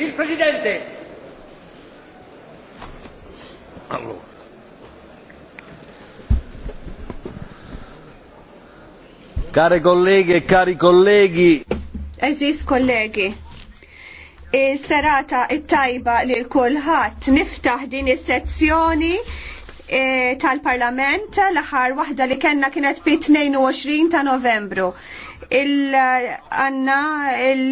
Il Presidente! Allora. Care colleghe e cari colleghi. Eżis kollegi. E serata e tajba li kulħadd niftaħ din is-sezzjoni e, tal-Parlament l-aħħar waħda li kellna kienet fit 22 ta' Novembru. Il-għanna il